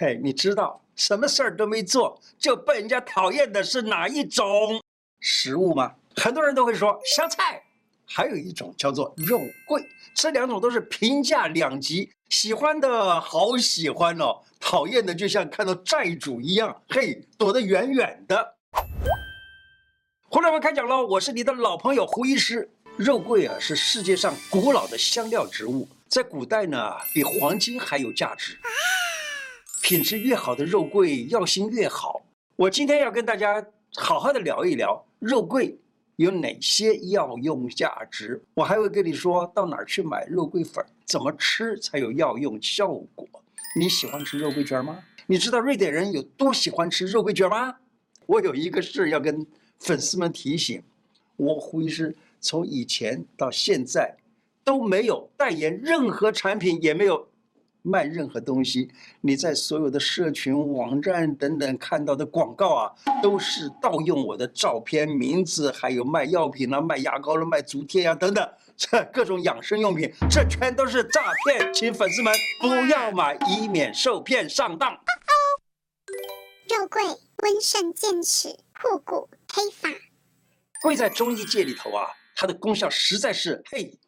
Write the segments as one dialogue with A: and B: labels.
A: 嘿，Hey，你知道什麼事兒都沒做就被人家討厭的是哪一種食物嗎？很多人都會說香菜，還有一種叫做肉桂，這兩種都是評價兩極，喜歡的好喜歡哦，討厭的就像看到債主一樣，嘿，躲得遠遠的。胡乃文開講嘍，我是你的老朋友胡醫師。肉桂啊，是世界上古老的香料植物，在古代呢，比黃金還有價值。品質越好的肉桂，藥性越好。我今天要跟大家好好的聊一聊肉桂有哪些藥用價值。我還會跟你說到哪兒去買肉桂粉，怎麼吃才有藥用效果。你喜歡吃肉桂卷嗎？你知道瑞典人有多喜歡吃肉桂卷嗎？我有一個事要跟粉絲們提醒：我胡醫師從以前到現在都沒有代言任何產品，也沒有。賣任何東西，你在所有的社群、網站等等看到的廣告啊，都是盜用我的照片、名字，還有賣藥品啊，賣牙膏啦、啊、賣足貼呀、啊、等等，這各種養生用品，這全都是詐騙，請粉絲們不要買，以免受騙上當。肉桂溫腎健齒、護骨黑髮，貴在中醫界裡頭啊，它的功效實在是嘿。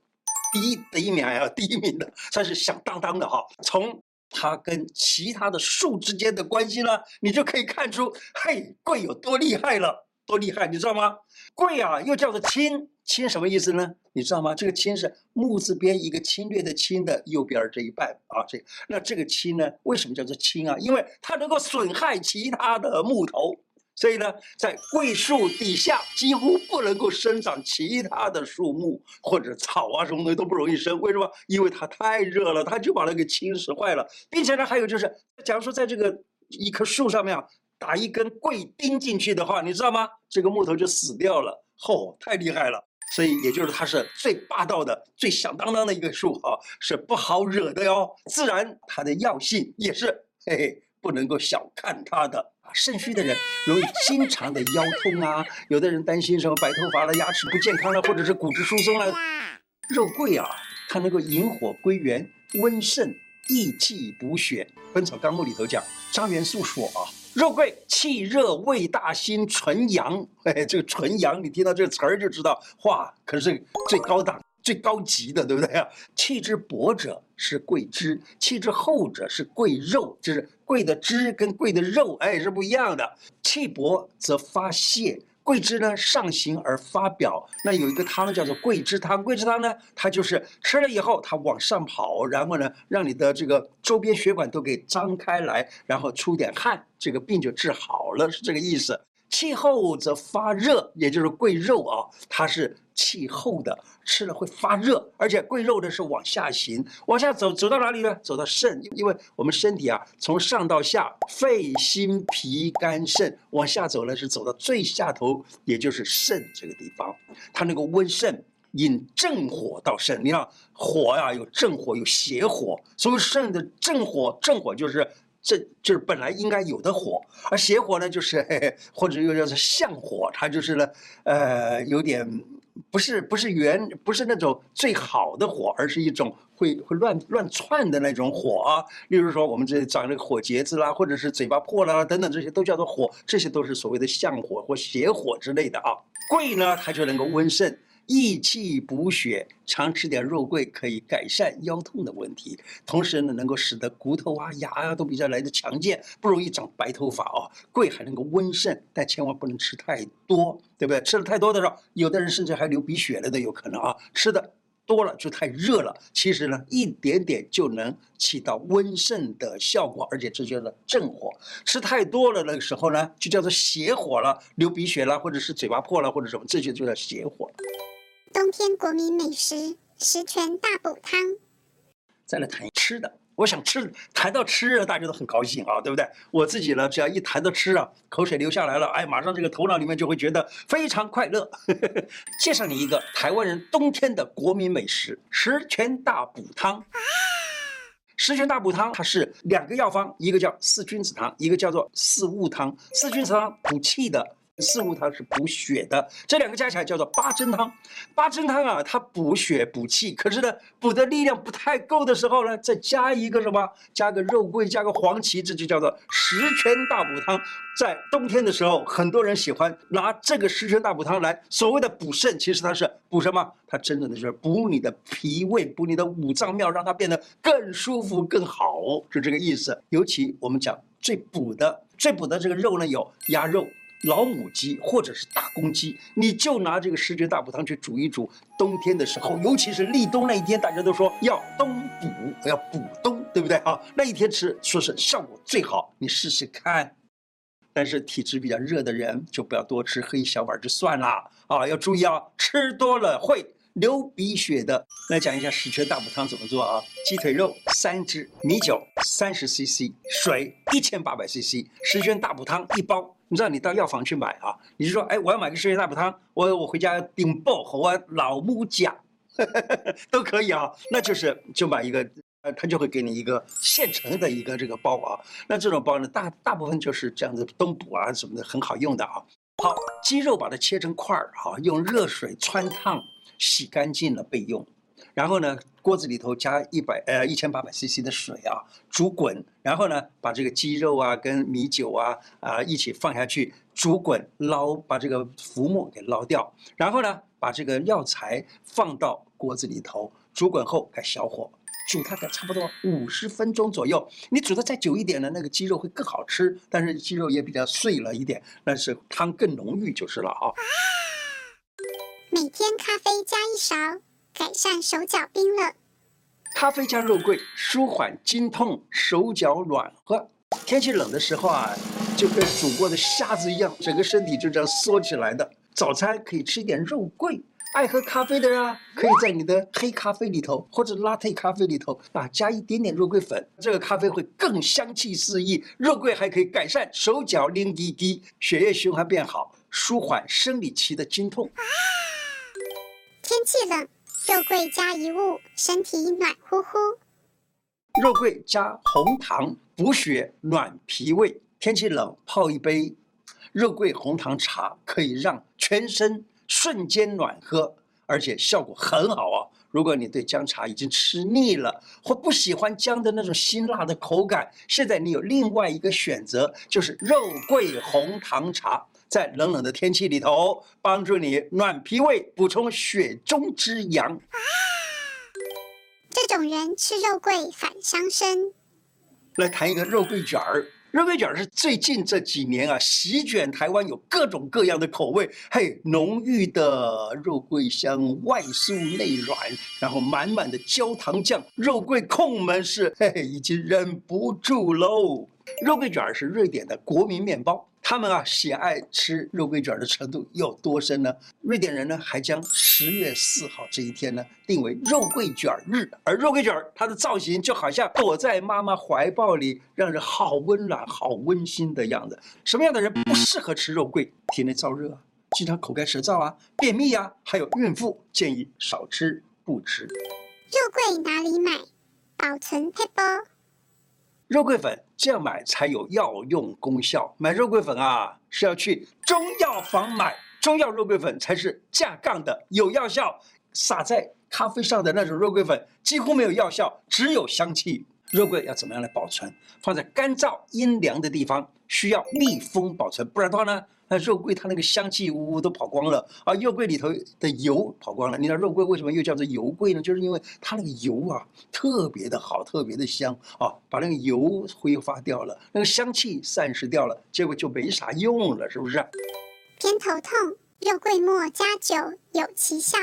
A: 第一的一名，啊，還第一名的，算是響噹噹的哈。從它跟其他的樹之間的關係呢，你就可以看出，嘿，桂有多厲害了，多厲害，你知道嗎？桂啊，又叫做梫，梫什麼意思呢？你知道嗎？這個梫是木字邊一個侵略的侵的右邊這一半啊，這那這個梫呢，為什麼叫做梫啊？因為它能夠損害其他的木頭。所以呢，在桂樹底下幾乎不能夠生長其他的樹木或者草啊，什麼東西都不容易生。為什麼？因為它太熱了，它就把它給侵蝕壞了。並且呢，還有就是，假如說在這個一棵樹上面啊，打一根桂釘進去的話，你知道嗎？這個木頭就死掉了。嚯，太厲害了！所以也就是它是最霸道的、最響噹噹的一個樹哈，是不好惹的喲、哦。自然它的藥性也是，嘿嘿。不能夠小看它的啊，腎虛的人容易經常的腰痛啊，有的人擔心什麼白頭髮了、牙齒不健康了，或者是骨質疏鬆了。肉桂啊，它能夠引火歸元、溫腎益氣、補血。《本草綱目》裡頭講，張元素說啊，肉桂氣熱味大辛，純陽。哎，這個純陽，你聽到這個詞兒就知道，哇，可是最高檔。最高級的，對不對啊？氣之薄者是桂枝，氣之厚者是桂肉，就是桂的枝跟桂的肉，哎，是不一樣的。氣薄則發洩，桂枝呢上行而發表。那有一個湯叫做桂枝湯，桂枝湯呢，它就是吃了以後，它往上跑，然後呢，讓你的這個周邊血管都給張開來，然後出點汗，這個病就治好了，是這個意思。氣厚則發熱，也就是桂肉啊，它是。氣厚的吃了會發熱，而且桂肉呢，是往下行，往下走走到哪裡呢？走到腎，因為我們身體啊從上到下，肺心脾肝腎、心、脾、肝、腎往下走呢是走到最下頭，也就是腎這個地方。它那個溫腎引正火到腎，你看火呀，、啊、有正火有邪火，所以腎的正火，正火就是正就是本來應該有的火，而邪火呢就是嘿嘿，或者又叫做相火，它就是呢呃，有點。不是不是圓，不是那種最好的火，而是一種會會亂亂竄的那種火啊。例如說，我們這長那個火癤子啦，或者是嘴巴破了啦等等，這些都叫做火，這些都是所謂的相火或邪火之類的啊。桂呢，它就能夠溫腎。益氣補血，常吃點肉桂，可以改善腰痛的問題，同時呢，能夠使得骨頭啊、牙啊都比較來得強健，不容易長白頭髮啊、哦。桂還能夠溫腎，但千萬不能吃太多，對不對？吃的太多的時候，有的人甚至還流鼻血了都有可能啊。吃的多了就太熱了，其實呢，一點點就能起到溫腎的效果，而且這叫做正火。吃太多了那個時候呢，就叫做邪火了，流鼻血了，或者是嘴巴破了，或者什麼，這些就叫邪火。冬天國民美食十全大補湯。再來談吃的，我想吃，談到吃大家都很高興啊，對不對？我自己呢，只要一談到吃啊，口水流下來了，哎，馬上這個頭腦裡面就會覺得非常快樂。 介紹你一個台灣人冬天的國民美食十全大補湯。 十全大補湯它是兩個藥方，一個叫四君子湯，一個叫做四物湯。四君子湯補氣的。四物湯是補血的，這兩個加起來叫做八珍湯。八珍湯啊，它補血補氣，可是呢，補的力量不太夠的時候呢，再加一個什麼？加個肉桂，加個黃芪，這就叫做十全大補湯。在冬天的時候，很多人喜歡拿這個十全大補湯來。所謂的補腎，其實它是補什麼？它真正的是補你的脾胃，補你的五臟廟，讓它變得更舒服更好，就這個意思。尤其我們講最補的、最補的這個肉呢，有鴨肉。老母雞或者是大公雞，你就拿這個十全大補湯去煮一煮。冬天的時候，尤其是立冬那一天，大家都說要冬補，要補冬，對不對？啊，那一天吃說是效果最好，你試試看。但是體質比較熱的人就不要多吃，喝一小碗就算了啊。要注意啊，吃多了會流鼻血的。來講一下十全大補湯怎麼做啊。雞腿肉三只，米酒三十 CC，水一千八百 CC，十全大補湯一包。讓你，你到藥房去買啊！你就說，哎，我要買個十全大補湯，我我回家燉鮑魚啊、老母雞， 都可以啊。那就是就買一個，呃，他就會給你一個現成的一個這個包啊。那這種包呢，大大部分就是這樣子冬補啊什麼的，很好用的啊。好，雞肉把它切成塊兒哈、啊，用熱水汆燙，洗乾淨了備用。然後呢？鍋子裡頭加一百呃一千八百 CC 的水啊，煮滾，然後呢，把這個雞肉啊跟米酒啊啊、呃、一起放下去煮滾，撈把這個浮沫給撈掉，然後呢，把這個藥材放到鍋子裡頭煮滾後改小火煮它，得差不多五十分鐘左右。你煮得再久一點呢，那個雞肉會更好吃，但是雞肉也比較碎了一點，但是湯更濃郁就是了啊。每天咖啡加一勺。改善手腳冰冷，咖啡加肉桂，舒緩經痛，手腳暖和。天氣冷的時候啊，就跟煮過的蝦子一樣，整個身體就這樣縮起來的。早餐可以吃一點肉桂，愛喝咖啡的人啊，可以在你的黑咖啡裡頭或者拿鐵咖啡裡頭啊，加一點點肉桂粉，這個咖啡會更香氣四溢。肉桂還可以改善手腳冷吱吱，血液循環變好，舒緩生理期的經痛。啊。天氣冷。肉桂加一物，身體暖呼呼。肉桂加紅糖，補血暖脾胃。天氣冷，泡一杯肉桂紅糖茶，可以讓全身瞬間暖和，而且效果很好啊！如果你對薑茶已經吃膩了，或不喜歡薑的那種辛辣的口感，現在你有另外一個選擇，就是肉桂紅糖茶。在冷冷的天氣裡頭，幫助你暖脾胃，補充血中之陽。啊，這種人吃肉桂反傷身。來談一個肉桂捲兒，肉桂捲兒是最近這幾年啊，席捲台灣，有各種各樣的口味。嘿，濃郁的肉桂香，外酥內軟，然後滿滿的焦糖醬，肉桂控們是嘿嘿已經忍不住嘍。肉桂捲兒是瑞典的國民麵包。他們啊，喜愛吃肉桂卷的程度有多深呢？瑞典人呢，還將十月四號這一天呢，定為肉桂卷日。而肉桂卷它的造型就好像躲在媽媽懷抱裡，讓人好溫暖，好溫馨的樣子。什麼樣的人不適合吃肉桂？體內燥熱啊，經常口乾舌燥啊，便秘啊，還有孕婦建議少吃不吃。肉桂哪裡買？保存撇步。肉桂粉這樣買才有藥用功效。買肉桂粉啊，是要去中藥房買，中藥肉桂粉才是正港的，有藥效。撒在咖啡上的那種肉桂粉，幾乎沒有藥效，只有香氣。肉桂要怎麼樣來保存？放在乾燥陰涼的地方，需要密封保存，不然的話呢？那肉桂它那個香氣嗚嗚都跑光了，啊，肉桂裡頭的油跑光了。你知道肉桂為什麼又叫做油桂呢？就是因為它那個油啊特別的好，特別的香啊，把那個油揮發掉了，那個香氣散失掉了，結果就沒啥用了，是不是？偏頭痛，肉桂末加酒有奇效。《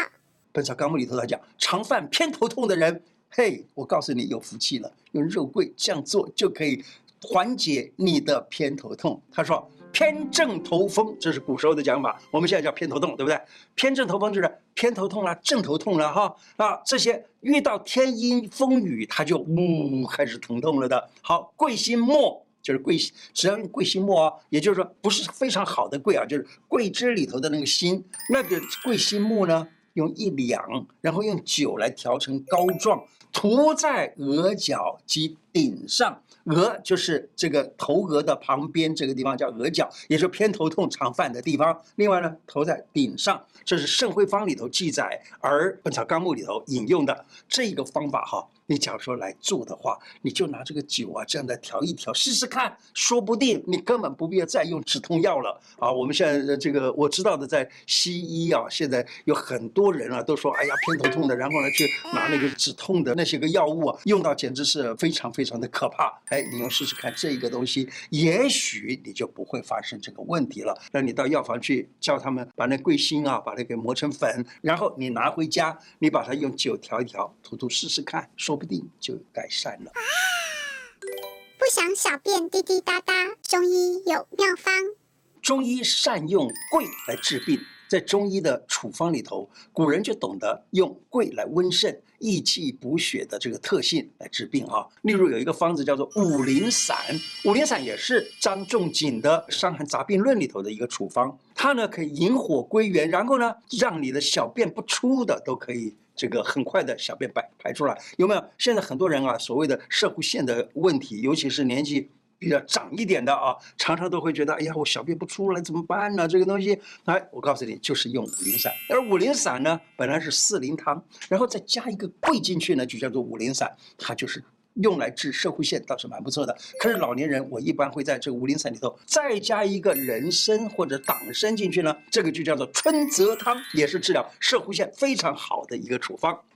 A: 本草綱目》裡頭它講，常犯偏頭痛的人，嘿，我告訴你有福氣了，用肉桂這樣做就可以緩解你的偏頭痛。他說。偏正頭風，這是古時候的講法，我們現在叫偏頭痛，對不對？偏正頭風就是偏頭痛了，正頭痛了哈。那、啊、這些遇到天陰風雨，它就嗚開始疼痛了的。好，桂心末就是桂，只要用桂心末啊，也就是說不是非常好的桂啊，就是桂枝裡頭的那個心，那個桂心末呢，用一兩，然後用酒來調成膏狀，塗在額角肌，頂上額，就是這個頭額的旁邊這個地方叫額角，也是偏頭痛常犯的地方。另外呢，頭在頂上，這是《聖惠方》裡頭記載，而《本草綱目》裡頭引用的這個方法哈。你假如說來做的話，你就拿這個酒啊，這樣的調一調試試看，說不定你根本不必要再用止痛藥了啊。我們現在這個我知道的，在西醫啊，現在有很多人啊都說，哎呀偏頭痛的，然後呢就拿那個止痛的那些個藥物啊，用到簡直是非常非常非常的可怕，哎，你要試試看這個東西，也許你就不會發生這個問題了。那你到藥房去，叫他們把那桂心啊，把它給磨成粉，然後你拿回家，你把它用酒調一調，塗塗試試看，說不定就改善了。啊，不想小便滴滴答答，中醫有妙方。中醫善用桂來治病。在中醫的處方裡頭，古人就懂得用桂來溫腎、益氣、補血的這個特性來治病啊。例如有一個方子叫做五苓散，五苓散也是張仲景的《傷寒雜病論》裡頭的一個處方，它呢可以引火歸元，然後呢讓你的小便不出的都可以這個很快的小便排排出來。有沒有？現在很多人啊，所謂的攝護腺的問題，尤其是年紀。比較長一點的啊，常常都會覺得，哎呀，我小便不出來怎麼辦呢？這個東西，哎，我告訴你，就是用五苓散。而五苓散呢，本來是四苓湯，然後再加一個桂進去呢，就叫做五苓散，它就是用來治攝護腺倒是蠻不錯的。可是老年人，我一般會在這個五苓散裡頭再加一個人參或者黨參進去呢，這個就叫做春澤湯，也是治療攝護腺非常好的一個處方。